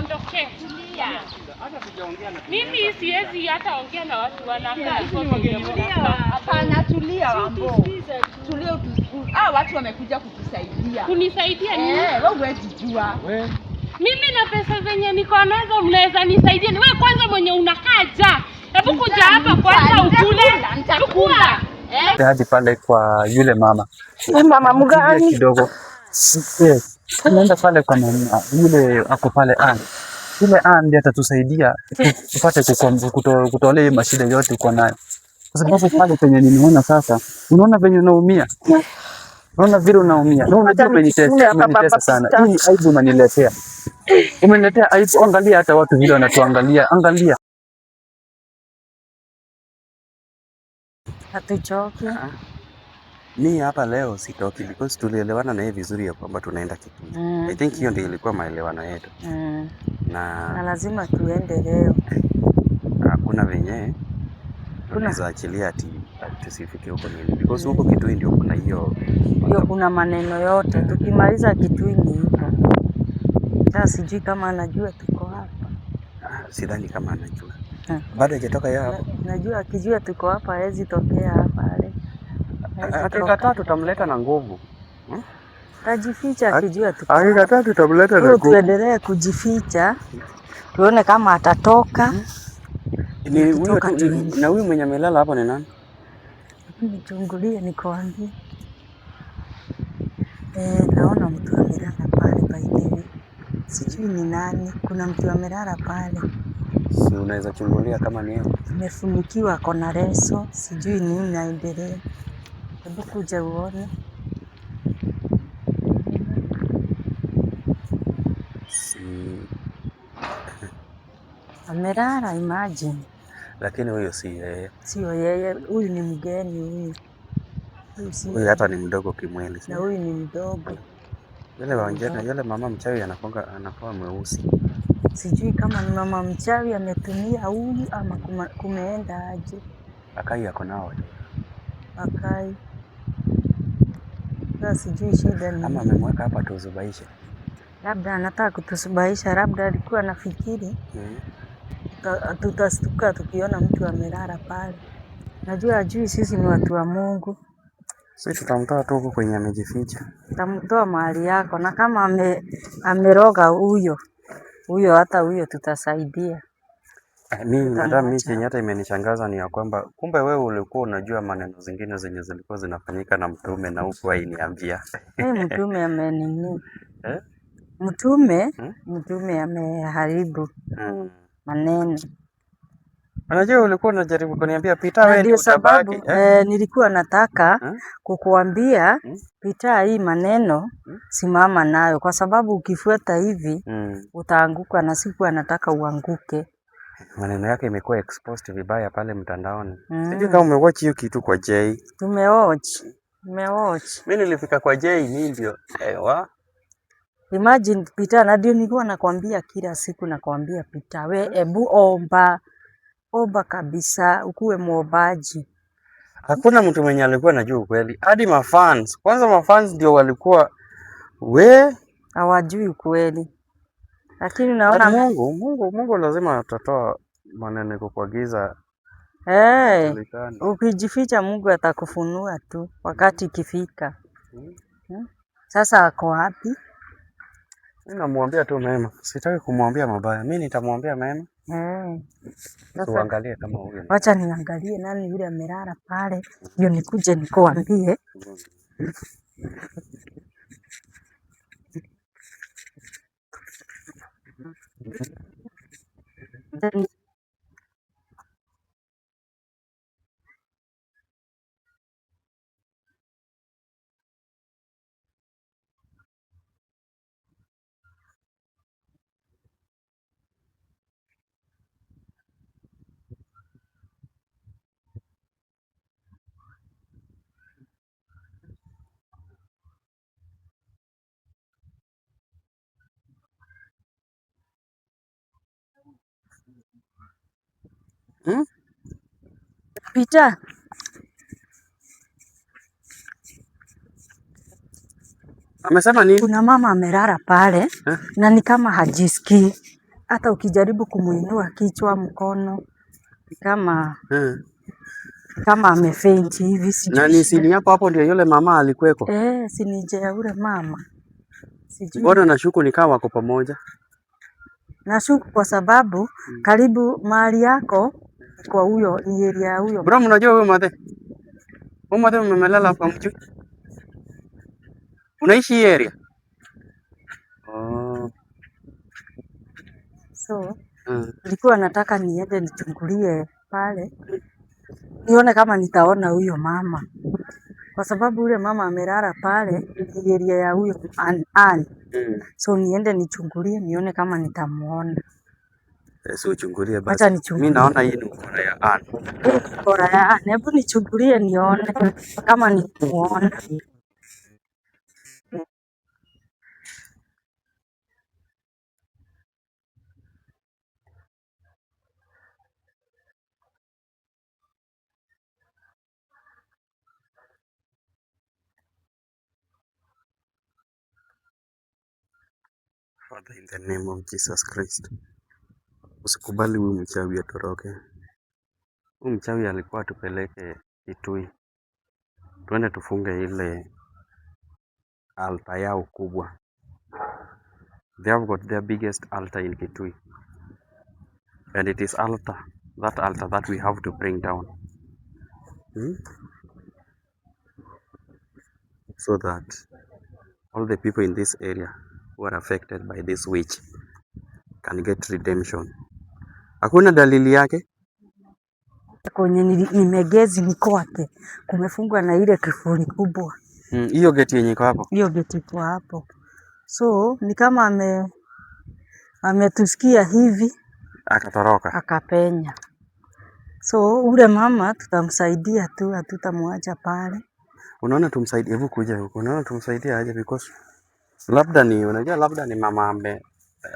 niondokee. Mimi siwezi hata ongea na watu wanakaa hivyo. Hapana, tulia wambo, tulia utusikize. Ah, watu wamekuja kutusaidia. Kunisaidia nini? Eh, wewe huwezi jua. Mimi na pesa zenye niko nazo mnaweza nisaidia. Ni wewe kwanza mwenye unakaja. Hebu kuja hapa kwanza ukule. Chukua. Eh. Hadi pale kwa yule mama. Mama mgani? Kidogo. Yes. Tunaenda pale kwa mama ah, yule ako pale an ah, yule an ah, ndiye atatusaidia tupate kutolea hii mashida yote uko nayo, kwa sababu pale penye nimeona sasa, unaona venye unaumia, unaona vile unaumia na unajua umenitesa sana. Hii aibu unaniletea, umeniletea aibu. Angalia hata watu vile wanatuangalia, angalia hatuchoki mi hapa leo sitoki because tulielewana na yeye vizuri ya kwamba tunaenda Kipuli. Mm. I think hiyo ndio ilikuwa maelewano yetu. Mm. Na... na lazima tuende leo. Hakuna venye tunazaachilia ati tusifike huko nini because huko mm. Kitui ndio kuna hiyo hiyo kuna maneno yote, mm. tukimaliza Kitui ni hivyo. Sasa sijui kama anajua tuko hapa. Ah, sidhani kama anajua. Ah. Bado hajatoka yeye Najua akijua tuko hapa hawezi tokea hapa ale. Eh, hakika tatu tamleta na nguvu hmm? Tajificha akijua tu. Hakika tatu tamleta na nguvu. Tuendelee kujificha tuone kama atatoka. Hmm? Ni huyo na huyu mwenye amelala hapo ni nani? Nichungulie nikuambie. Eh, naona mtu amelala pale paidewe, sijui ni nani. Kuna mtu amelala pale, si unaweza chungulia kama ni yeye. Amefunikiwa, ako leso, sijui nini naendelea. Hebu kuja uone. Si imagine. Lakini huyo si yeye, sio yeye. Huyu ni mgeni huyu, huyu hata ni mdogo kimwili, na huyu ni mdogo yule wanjana, yule mama mchawi anakonga, anakuwa mweusi. Sijui kama ni mama mchawi ametumia huyu ama kumeenda aje. Akai ako nao, Akai sasa sijui shida ni ama amemweka hapa tuzubaisha, labda anataka kutusubaisha, labda alikuwa anafikiri mm. Tutastuka tukiona mtu amelala pale. Najua ajui sisi ni watu wa Mungu, sisi tutamtoa tu huko kwenye amejificha, tutamtoa mahali yako, na kama ame, ameroga huyo huyo, hata huyo tutasaidia. Eh, mimi hata mimi chenye hata imenishangaza ni ya kwamba kumbe wewe ulikuwa unajua maneno zingine zenye zilikuwa zinafanyika na mtume na huku ainiambia Mimi mtume amenini. Eh? Mtume, hmm? mtume ameharibu Hmm. maneno. Unajua ulikuwa unajaribu kuniambia pita wewe ndio sababu eh? eh? nilikuwa nataka Hmm? kukuambia Hmm? hii maneno Hmm? simama nayo, kwa sababu ukifuata hivi hmm. utaanguka, na siku nataka uanguke maneno yake imekuwa exposed vibaya pale mtandaoni. Mm. Sijui kama umewatch hiyo kitu kwa Jay. Tumewatch. Tumewatch. Mimi nilifika kwa Jay mimi ndio. Ewa. Eh, Imagine Peter na ndio nilikuwa nakwambia kila siku nakwambia Peter we hmm. ebu omba. Omba kabisa ukuwe muombaji. Hakuna mtu mwenye alikuwa anajua ukweli. Hadi mafans. Kwanza mafans ndio walikuwa we hawajui ukweli. Lakini unaona yaani Mungu, Mungu, Mungu lazima atatoa maneno kukuagiza. Hey, ukijificha Mungu atakufunua tu wakati ikifika. Hmm. Hmm. Sasa ako wapi? Namwambia tu mema, sitaki kumwambia mabaya. Mimi nitamwambia mema. Hmm. Tuangalie kama huyo. Wacha niangalie nani yule amelala pale, ndio nikuje nikuambie. Hmm. 嗯嗯。Hmm? Pita. Amesema nini? Kuna mama amerara pale eh? Na ni kama hajiski hata ukijaribu kumuinua kichwa, mkono kama eh, kama amefaint hivi. Na ni sini yako hapo, ndio yule mama alikweko eh, sinije ya yule mama sijui. Bora nashuku nikawa wako pamoja, nashuku kwa sababu hmm, karibu mali yako kwa huyo ni ya huyo bro. Mnajua huyo mathe huyo mathe umemelala kwa mchu, unaishi hii area oh. So ah. nilikuwa hmm, nataka niende nichungulie pale nione kama nitaona huyo mama, kwa sababu yule mama amelala pale ni area ya huyo an, an. Hmm. So niende nichungulie nione kama nitamuona. Eh, si Siuchungulie basi. Mimi naona hii ni ukora ya ana. Ukora ya ana. Hebu nichungulie nione kama nikuona. Father, in the name of Jesus Christ. Usikubali huyu mchawi atoroke. Huyu mchawi alikuwa atupeleke Kitui, tuende tufunge ile alta yao kubwa. They have got their biggest altar in Kitui and it is altar that altar that we have to bring down hmm? so that all the people in this area who are affected by this witch can get redemption. Hakuna dalili yake kwenye nimegezi niko wake kumefungwa na ile kifuli kubwa mm, hiyo. Mm, geti yenye iko hapo, hiyo geti iko hapo, so ni kama ame ametusikia hivi akatoroka akapenya. So ule mama tutamsaidia tu, hatutamwacha pale. Unaona tumsaidie, hebu kuja huko. Unaona tumsaidie aje, because labda ni unajua, labda ni mama ambe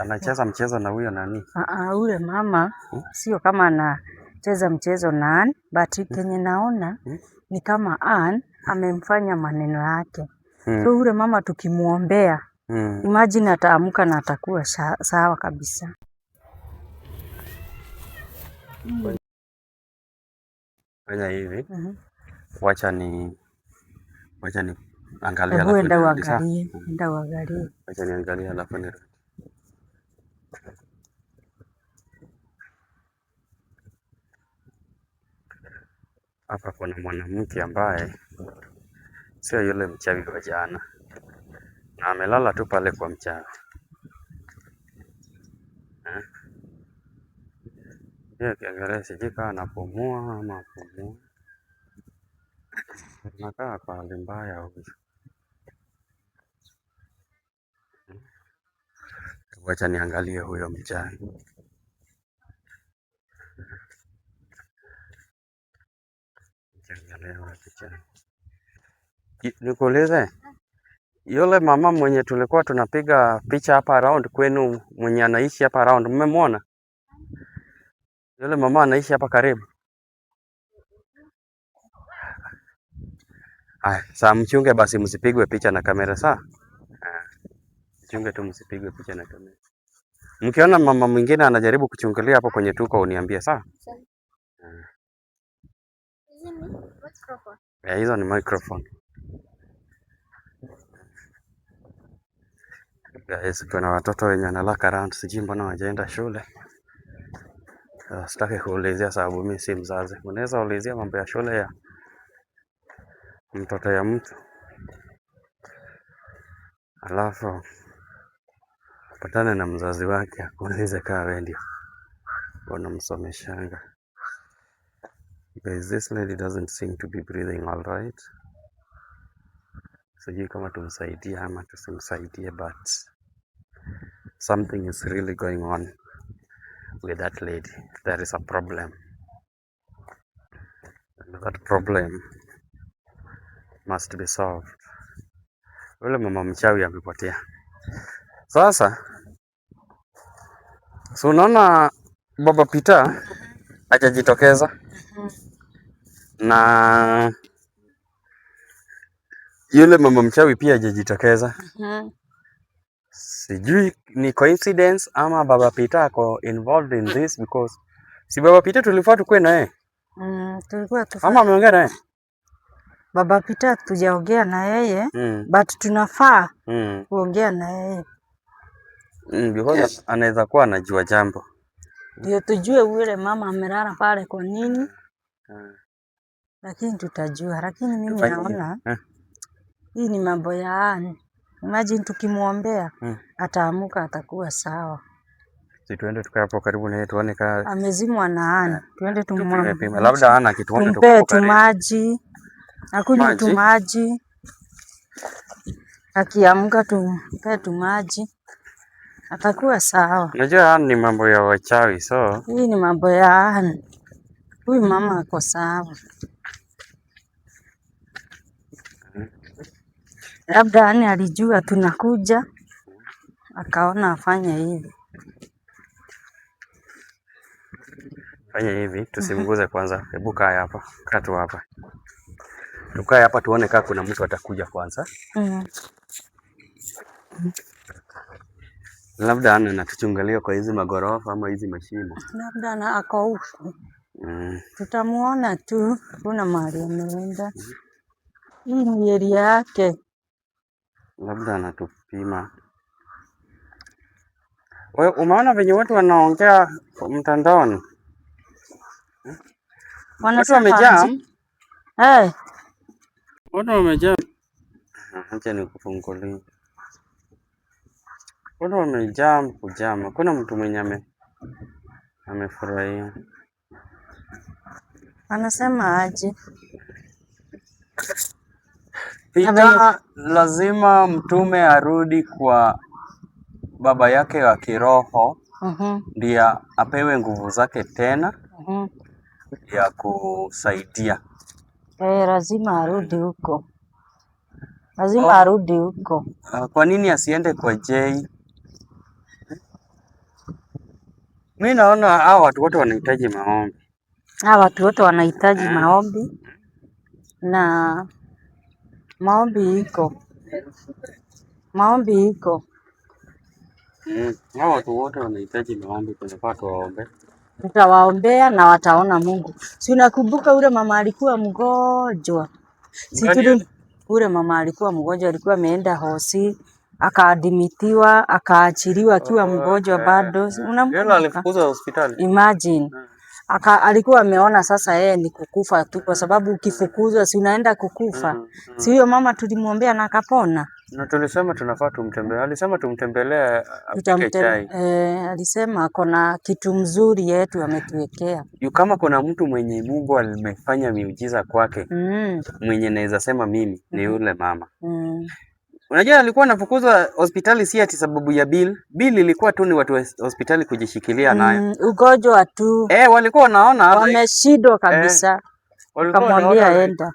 anacheza mchezo na huyo nani? Ah, ah, ule mama hmm? Sio kama anacheza mchezo na Ann but hmm? Kenye naona hmm? ni kama Ann amemfanya maneno yake hmm. So ule mama tukimwombea hmm. Imagine ataamka na atakuwa sawa kabisa hmm. Fanya hivi hmm. Wacha ni wacha ni angalia, enda uangalie, enda uangalie, wacha niangalie alafu hapa kuna mwanamke ambaye sio yule mchawi wa jana, na amelala tu pale kwa mchawi eh. Hiyo ukiangalia sijui kama anapumua ama apumua, anakaa kwa hali mbaya huyu. Wacha niangalie huyo mchana. Nikuulize, yule mama mwenye tulikuwa tunapiga picha hapa around kwenu, mwenye anaishi hapa around, mmemwona yule mama? Anaishi hapa karibu? Aya, saa mchunge basi, msipigwe picha na kamera saa mjichunge tu, msipigwe picha na kamera. Mkiona mama mwingine anajaribu kuchungulia hapo kwenye tuko, uniambie sawa. yeah. hizo ni microphone. Guys, kuna watoto wenye wanalaka around, sijui mbona wajaenda shule. Ah, sitaki kuulizia sababu mimi si mzazi. Unaweza ulizia mambo ya shule ya mtoto ya mtu alafu akapatana na mzazi wake akuulize kaa we ndio wanamsomeshanga. Because this lady doesn't seem to be breathing all right. Sijui kama tumsaidie ama tusimsaidie, but something is really going on with that lady. There is a problem. And that problem must be solved. Yule mama mchawi amepotea sasa. So unaona Baba Peter hajajitokeza mm -hmm. na yule mama mchawi pia hajajitokeza mm -hmm. Sijui ni coincidence ama Baba Pita ako involved in this because si Baba Pita tulifaa tukue naye mm, tulikuwa tufaa. Ama ameongea naye Baba Pita, tujaongea na yeye mm. but tunafaa mm. kuongea na yeye Mm, because Anaweza kuwa anajua jambo ndio tujue yule mama amelala pale kwa nini ah. Lakini tutajua, lakini mimi naona hmm. Hii ni mambo ya ani, imagine tukimwombea hmm. Ataamuka, atakuwa sawa. Si tuende tukae hapo karibu na yeye tuone kama amezimwa na eh. ani, tuende tumwombe, labda ana kitu, tumpe tumaji, akunywe tumaji, akiamka tumpe tumaji atakuwa sawa. Unajua ni mambo ya wachawi, so hii ni mambo ya Ani. Huyu mama ako sawa, labda Ani alijua tunakuja akaona afanye hivi fanya hivi, tusimguze kwanza. Hebu kaa hapa, kaa tu hapa, tukae hapa tuone kaa kuna mtu atakuja kwanza. Mm labda ana natuchungalia kwa hizi magorofa ama hizi mashimo, labda na ako huko mm. Tutamuona tu, kuna mahali ameenda. Hii ni eria yake, labda anatupima. umeona venye watu wanaongea mtandaoni, watu wamejaa, eh. watu wamejaa. Acha nikufungulie Watu wamejam kujama, kuna mtu mwenye ame amefurahia. Anasema aje? Pita lazima mtume arudi kwa baba yake wa kiroho mm-hmm. ndiye uh -huh. apewe nguvu zake tena uh mm-hmm. -huh. ya kusaidia. Eh, lazima arudi huko, lazima oh. arudi huko. Ah, kwa nini asiende kwa Jay Mimi naona hawa watu wote wanahitaji maombi. Hawa watu wote wanahitaji eh. maombi na maombi iko, maombi iko. Mm, hawa watu wote wanahitaji maombi, tunafaa tuwaombe, tutawaombea na wataona Mungu. Si unakumbuka ule mama alikuwa mgonjwa? Si tuli ule mama alikuwa mgonjwa, alikuwa ameenda hosi akaadimitiwa akaachiliwa akiwa eh, mgonjwa eh, bado. Eh. Unamkumbuka? Alifukuzwa hospitali. Imagine. Hmm. Aka, alikuwa ameona sasa yeye ni kukufa tu, kwa hmm. sababu ukifukuzwa si unaenda kukufa. mm -hmm. Si huyo mama tulimwombea na akapona, na tulisema tunafaa tumtembelee. Alisema tumtembelee, chai. Eh, alisema kuna kitu mzuri yetu ametuwekea Yu Kama kuna mtu mwenye Mungu alimefanya miujiza kwake, mm -hmm. mwenye naweza sema mimi ni hmm. yule mama mm -hmm. Unajua alikuwa anafukuzwa hospitali si ati sababu ya bill. Bill ilikuwa tu ni watu hospitali kujishikilia mm, nayo. Mm, ugonjwa tu. Eh, walikuwa wanaona wameshindwa kabisa. Eh, walikuwa wanaona enda.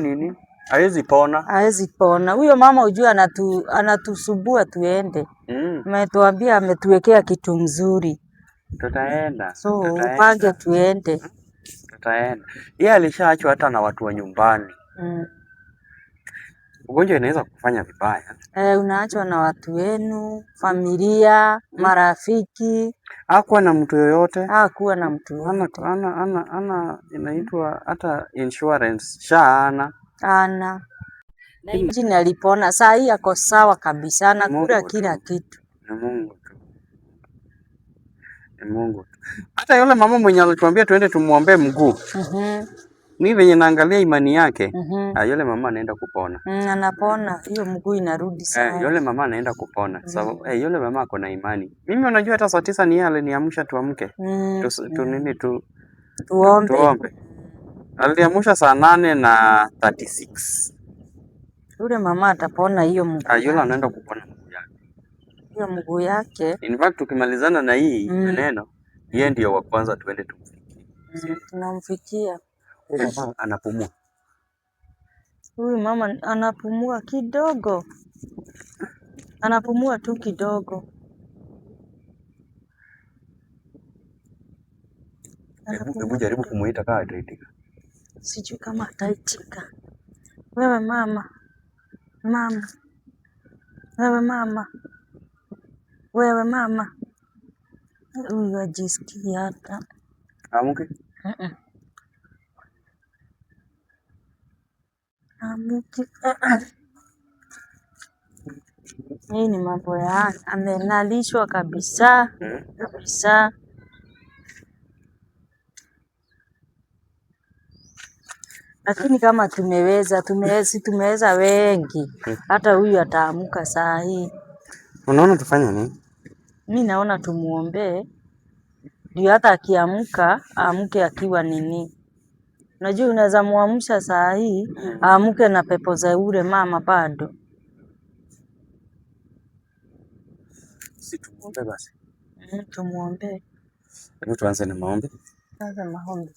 nini? Haezi pona. Haezi pona. Huyo mama ujua anatu anatusubua tuende. Mm. Ametuambia ametuwekea kitu mzuri. Tutaenda. So, tutaenda. Upange tuende. Tutaenda. Yeye alishaachwa hata na watu wa nyumbani. Mm. Ugonjwa inaweza kufanya vibaya eh, unaachwa na watu wenu, familia, marafiki, hakuwa na mtu yoyote, hakuwa na mtu yoyote. Ana, ana, ana, ana inaitwa hata insurance sha ana ana alipona, saa hii ako sawa kabisa, anakula kila kitu. Ni Mungu tu, ni Mungu tu. Hata yule mama mwenye alituambia tuende tumwombee mguu uh mhm. -huh mimi venye naangalia imani yake mm -hmm. Yule mama anaenda kupona mm, anapona hiyo mguu inarudi eh, sana. Eh, yule mama anaenda kupona mm. Sababu so, eh, yule mama ako na imani. Mimi unajua hata saa tisa ni yeye aliniamsha tuamke mm. tu, tu, mm. nini tu tuombe, tuombe. Aliniamsha saa nane na 36. Yule mama atapona hiyo mguu. Ah, yule anaenda kupona hiyo mguu yake. In fact tukimalizana na hii mm. neno yeye ndio wa kwanza tuende tumfikie, mm, tunamfikia anapumua, huyu mama anapumua kidogo, anapumua tu kidogo, Hebu jaribu kumuita kama ataitika, sijui kama ataitika. Wewe mama, mama, wewe mama, wewe mama, huyu ajisikia hata amke. Hii ni mambo ya amenalishwa kabisa kabisa. Lakini kama tumeweza tumewezi tumeweza wengi, hata huyu ataamka saa hii. Unaona tufanye nini? Mi naona tumuombee ndio hata akiamka aamke akiwa nini Unajua unaweza muamsha saa hii aamke na pepo za yule mama bado. Si tumuombe basi. Mm, tumuombe. Hebu tuanze na maombi. Tuanze maombi.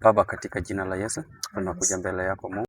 Baba, katika jina la Yesu tunakuja mbele yako Mungu.